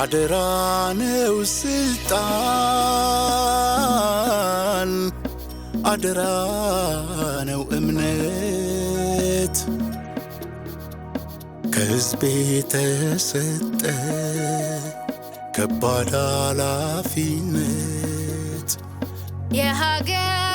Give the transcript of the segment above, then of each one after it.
አደራ ነው ስልጣን፣ አደራ ነው እምነት ከሕዝቤ ተሰጠ ከባድ ኃላፊነት የሀገር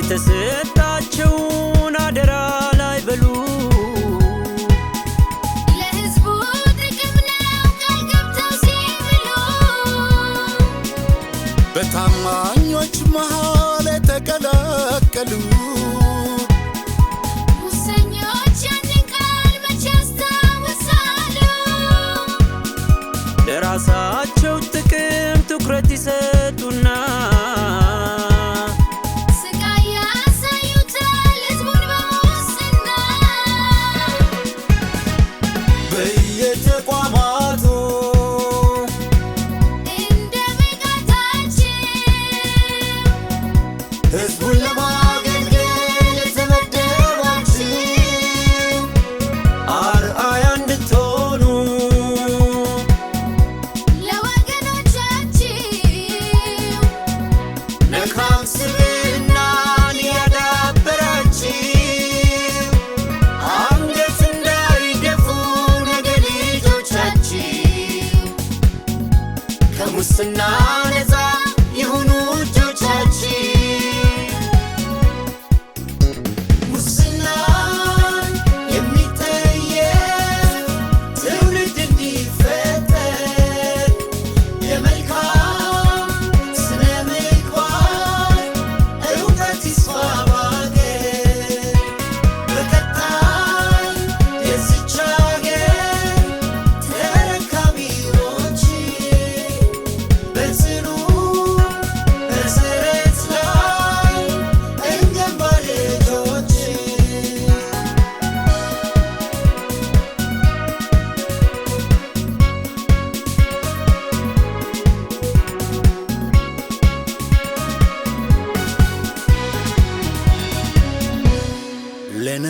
የተሰጠ tonight.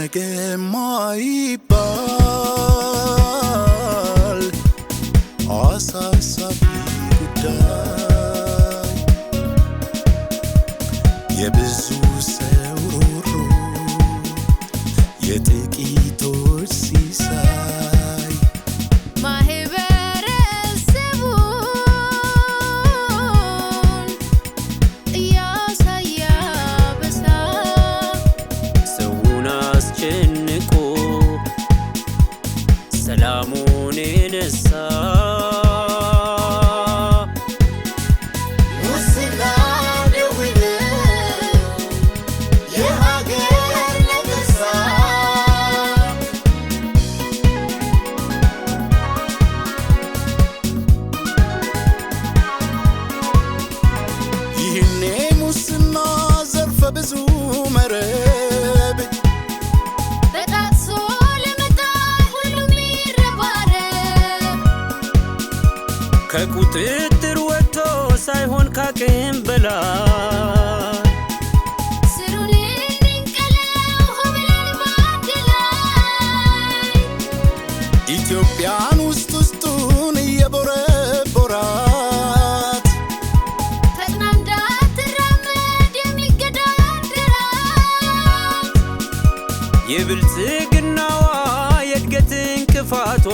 quedemos ahí, pa' ከቁጥጥር ወጥቶ ሳይሆን ካቅም በላይ ኢትዮጵያን ውስጥ ውስጡን እየቦረቦራት ፈጥና እንዳትራመድ የሚገዳድራት የብልጽግናዋ የእድገት እንቅፋቷ